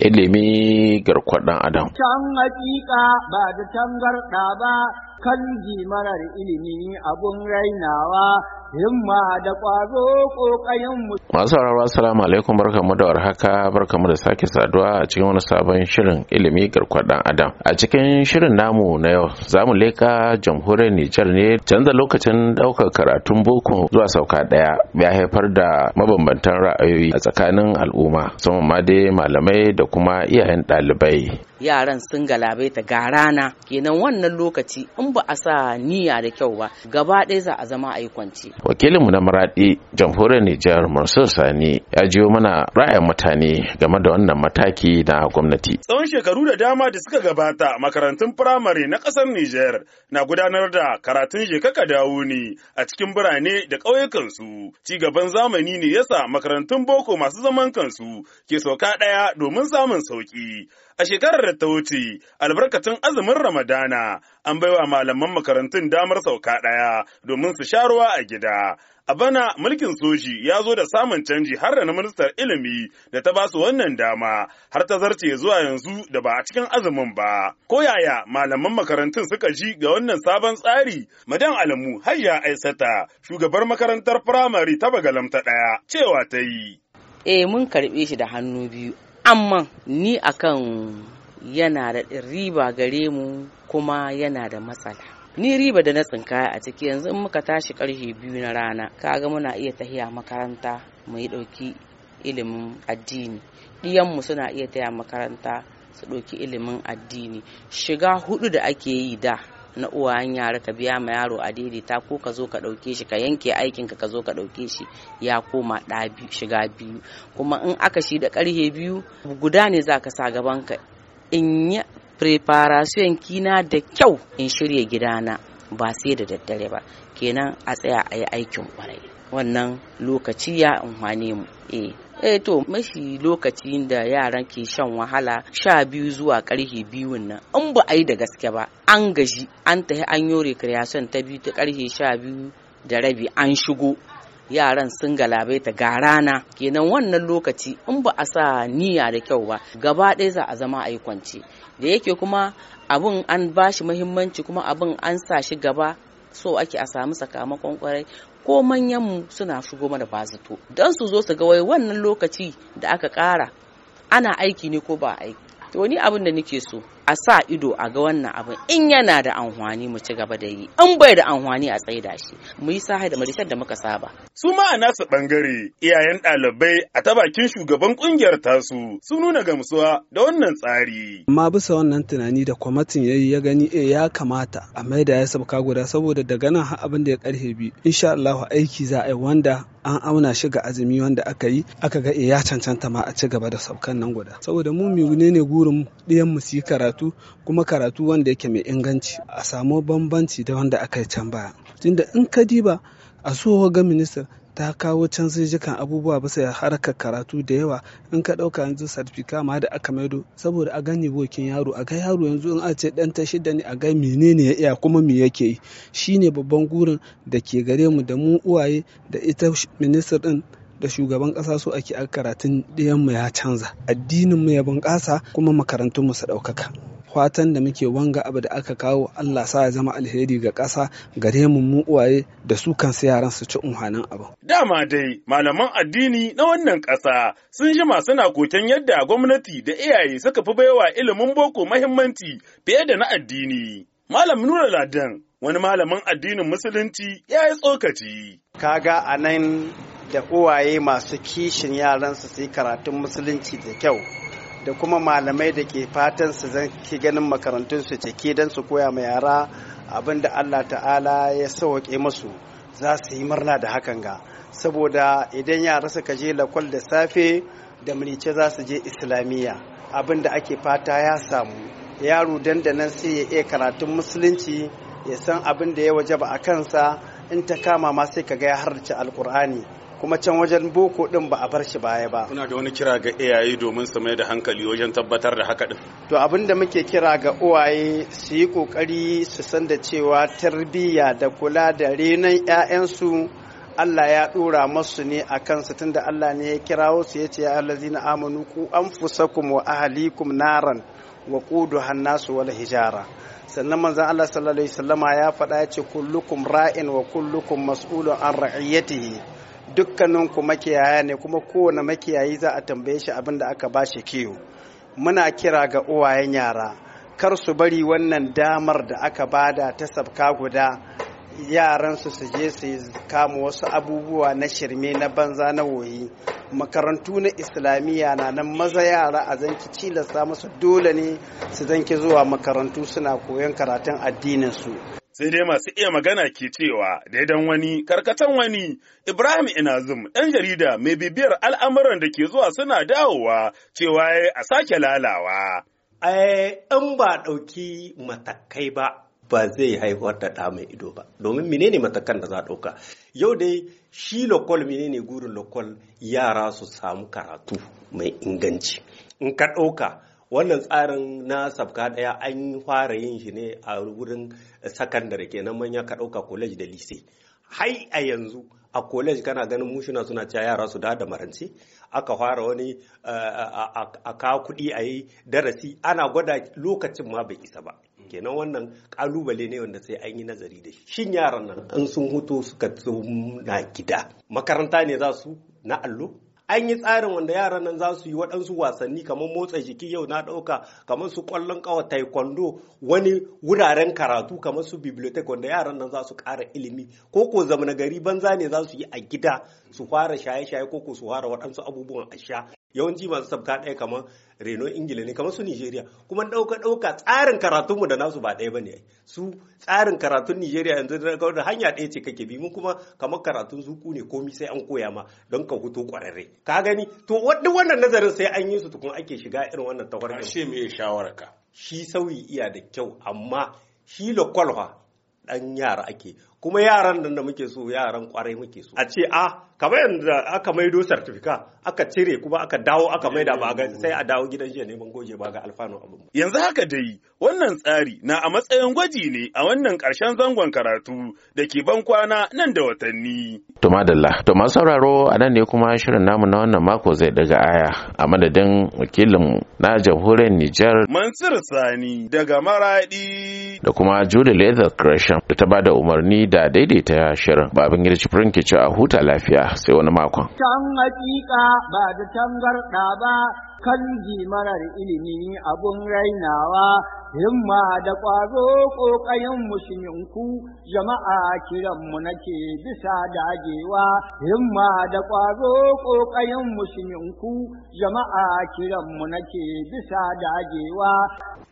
ilimi garkuwar adam. Can hakika ba da tangarɗa ba kan marar ilimi abun rainawa himma da ƙwazo mu? Masu sauraro assalamu alaikum barkamu da warhaka barkamu da sake saduwa a cikin wani sabon shirin ilimi garkuwar ɗan adam. A cikin shirin namu na yau Zamu mu leƙa jamhuriyar Nijar ne canza lokacin ɗaukar karatun boko zuwa sauka ɗaya ya haifar da mabambantan ra'ayoyi a tsakanin al'umma saman ma dai malamai da kuma iyayen ɗalibai. yaran sun galabe ta ga rana kenan wannan lokaci in ba a sa niyya da kyau ba gaba ɗaya za a zama a yi kwanci wakilinmu na maradi jamhuriyar Nijar Mansur Sani ya jiyo mana ra'ayin mutane game da wannan mataki na gwamnati. Tsawon shekaru da dama da suka gabata makarantun firamare na ƙasar Nijar na gudanar da karatun shekaka dawo ne a cikin birane da ƙauyukansu. Ci gaban zamani ne yasa makarantun boko masu zaman kansu ke sauka ɗaya domin samun sauƙi. A shekarar da ta wuce, albarkacin azumin Ramadana an baiwa malaman makarantun damar sauka ɗaya domin su sha ruwa a gida. A bana mulkin soji ya zo da samun canji har da na ministar ilimi da ta ba su wannan dama har ta zarce zuwa yanzu da ba a cikin azumin ba. Ko yaya malaman makarantun suka ji ga wannan sabon tsari? Madan Alamu hayya Aisata, shugabar makarantar firamare ta Bagalam ta ɗaya, cewa ta yi. Eh mun karɓe shi da hannu biyu, amma ni akan yana da riba gare mu kuma yana da matsala. ni riba da na tsinkaya a ciki yanzu in muka tashi karfe biyu na rana kaga muna iya tahiya makaranta mu yi ɗauki ilimin addini ɗiyanmu suna iya taya makaranta su ɗauki ilimin addini shiga hudu da ake yi da na uwayen yara ka biya ma yaro a daidaita ko ka zo ka ɗauke shi ka yanke aikin ka zo ka ɗauke shi ya koma ɗa shiga biyu kuma in aka shi da ƙarhe biyu guda ne za ka sa gaban ka in preparation kina da kyau in shirya gidana ba sai da daddare ba kenan a tsaya a yi aikin kwarai wannan lokaci ya amfane mu eh eh to mashi lokacin da yaran ke shan wahala sha biyu zuwa karhe biyun nan in ba a yi da gaske ba an gaji an tafi an yi recreation ta biyu ta karhe sha biyu da rabi an shigo yaran sun galabe ta ga rana kenan wannan lokaci in ba a sa niyya da kyau ba gaba ɗaya za a zama a yi kwance da yake kuma abin an ba shi muhimmanci kuma abin an sa shi gaba so ake a samu sakamakon kwarai ko manyanmu suna shigo mana zato. don su zo su ga wai wannan lokaci da aka ƙara ana aiki ne ko ba aiki to ni abin da nake so a sa ido a ga wannan abin in yana da amfani mu ci gaba da yi in bai da amfani a tsaida shi mu yi sahi da majalisar da muka saba su ma a nasa bangare iyayen ɗalibai a ta bakin shugaban kungiyar tasu sun nuna gamsuwa da wannan tsari amma bisa wannan tunani da kwamitin yayi ya gani eh ya kamata a maida ya sabka guda saboda daga nan har abin da ya karhe bi insha Allah aiki za a yi wanda an auna shi ga azumi wanda aka yi aka ga eh, ya cancanta ma a ci gaba da saukan nan guda saboda mu mu ne ne gurin ɗiyan mu su karatu karatu kuma karatu wanda yake mai inganci a samu bambanci da wanda aka yi can baya tunda in ka diba a so ga minista ta kawo jikan abubuwa bisa harkar karatu da yawa in ka dauka yanzu sarfika ma da aka maido saboda a gani bokin yaro a ga yaro yanzu in a ce dan ta shida ne a ga menene ya iya kuma me yake yi shine babban gurin da ke gare mu da mu uwaye da ita ministar din da shugaban kasa so ake a karatun ɗayan mu ya canza addinin mu ya bunƙasa kuma makarantun mu su ɗaukaka. fatan da muke wanga abu da aka kawo Allah sa ya zama alheri ga ƙasa gare mu mu uwaye da su kansu yaran su ci unhanin abu. Dama dai malaman addini na wannan ƙasa sun jima suna koken yadda gwamnati da iyaye suka fi baiwa ilimin boko muhimmanci fiye da na addini. Malam Nura Ladan wani malamin addinin musulunci ya yi tsokaci. Kaga a nan da uwaye masu kishin yaransu su yi karatun musulunci da kyau. da kuma malamai da ke fatan su zan ganin makarantun su cike don su koya ma yara abin da Allah ta'ala ya sauke masu za su yi murna da hakan ga saboda idan yara suka je lakwal da safe da mulice za su je islamiyya abin da ake fata ya samu yaro dandanan sai ya iya karatun musulunci ya san abin da ya ba a kansa in ta kama ma sai ka ga ya harci alkur'ani kuma can wajen boko din ba a bar shi baya ba kuna da wani kira ga iyaye domin su mai da hankali wajen tabbatar da haka din to abin da muke kira ga uwaye su yi kokari su san da cewa tarbiyya da kula da renan 'ya'yansu Allah ya dora masu ne a kansu tunda Allah ne ya kirawo su ya ce ya allazina amanu ku anfusakum wa ahlikum naran wa quduha nasu wal hijara sannan manzan Allah sallallahu alaihi wasallama ya faɗa ya ce kullukum ra'in wa kullukum mas'ulun an ra'iyatihi dukkanin ku makiyaya ne kuma kowane makiyayi za a tambaye shi abin da aka bashi kiyo muna kira ga uwayen yara kar su bari wannan damar da aka bada ta sabka guda yaran su su je su kama wasu abubuwa na shirme na banza na woyi makarantu na islamiyya na nan maza yara a zanki cilasta musu dole ne su zanki zuwa makarantu suna koyon karatun addinin su sai dai masu iya magana ke cewa daidan wani karkatan wani ibrahim inazum ɗan jarida mai bibiyar al'amuran da ke zuwa suna dawowa cewa ya a sake lalawa in ba ɗauki matakai ba ba zai haihuwar da ɗa mai ido ba domin menene matakan da za a ɗauka yau dai shi lokol menene gurin lokol yara su samu karatu mai inganci in ka ɗauka wannan tsarin na sabka daya an fara yin shi ne a wurin sakandare kenan manya ka ɗauka college da lise hai a yanzu a college kana ganin mushina suna cewa yara su da marance aka fara wani eh, a kawo kuɗi a yi darasi ana gwada lokacin ma bai isa ba kenan wannan kalubale ne wanda sai an yi nazari da shi shin yaran nan in sun hutu suka na gida makaranta ne za su na allo an yi tsarin wanda yaran nan za su yi waɗansu wasanni kamar motsa jiki yau na ɗauka kamar su ƙwallon ƙawa taekwondo wani wuraren karatu kamar su bibliotek wanda yaran nan za su ƙara ilimi ko ko zamana gari banza ne za su yi a gida su fara shaye-shaye ko ko su fara waɗansu abubuwan asha yawanci masu sabka ɗaya kamar reno ingila ne kamar su nigeria kuma ɗauka ɗauka tsarin karatunmu da nasu ba ɗaya ba ne su tsarin karatun nigeria yanzu da hanya ɗaya ce kake bi mu kuma kamar karatun zuku ne komi sai an koya ma don ka huto ƙwararre ka gani to wadda wannan nazarin sai an yi su tukun ake shiga irin wannan tawarkin shi me shawararka shi sauyi iya da kyau amma shi lokwalwa dan yara ake kuma yaran nan da muke so yaran kwarai muke so a ce a ah, kamar yadda aka maido sartifika aka cire kuma aka dawo aka maida ba ga sai a dawo gidan jiya neman goje ba ga alfanu abin yanzu haka dai wannan tsari na a matsayin gwaji ne a wannan karshen zangon karatu da ke ban kwana nan da watanni to to masu sauraro a nan ne kuma shirin namu na wannan mako zai daga aya a madadin wakilin na jamhuriyar Nijar Mansur Sani daga Maraɗi. da kuma Julie Leather creation da ta bada umarni da daidaita shirin. Babin gida cifirin ke a huta lafiya sai wani makon. Can hakika ba da tangarɗa ba kan marar ilimi abun rainawa himma da kwazo ƙoƙayen musulminku jama'a kiranmu nake bisa dagewa himma da kwazo ƙoƙayen musulminku jama'a kiranmu nake bisa dagewa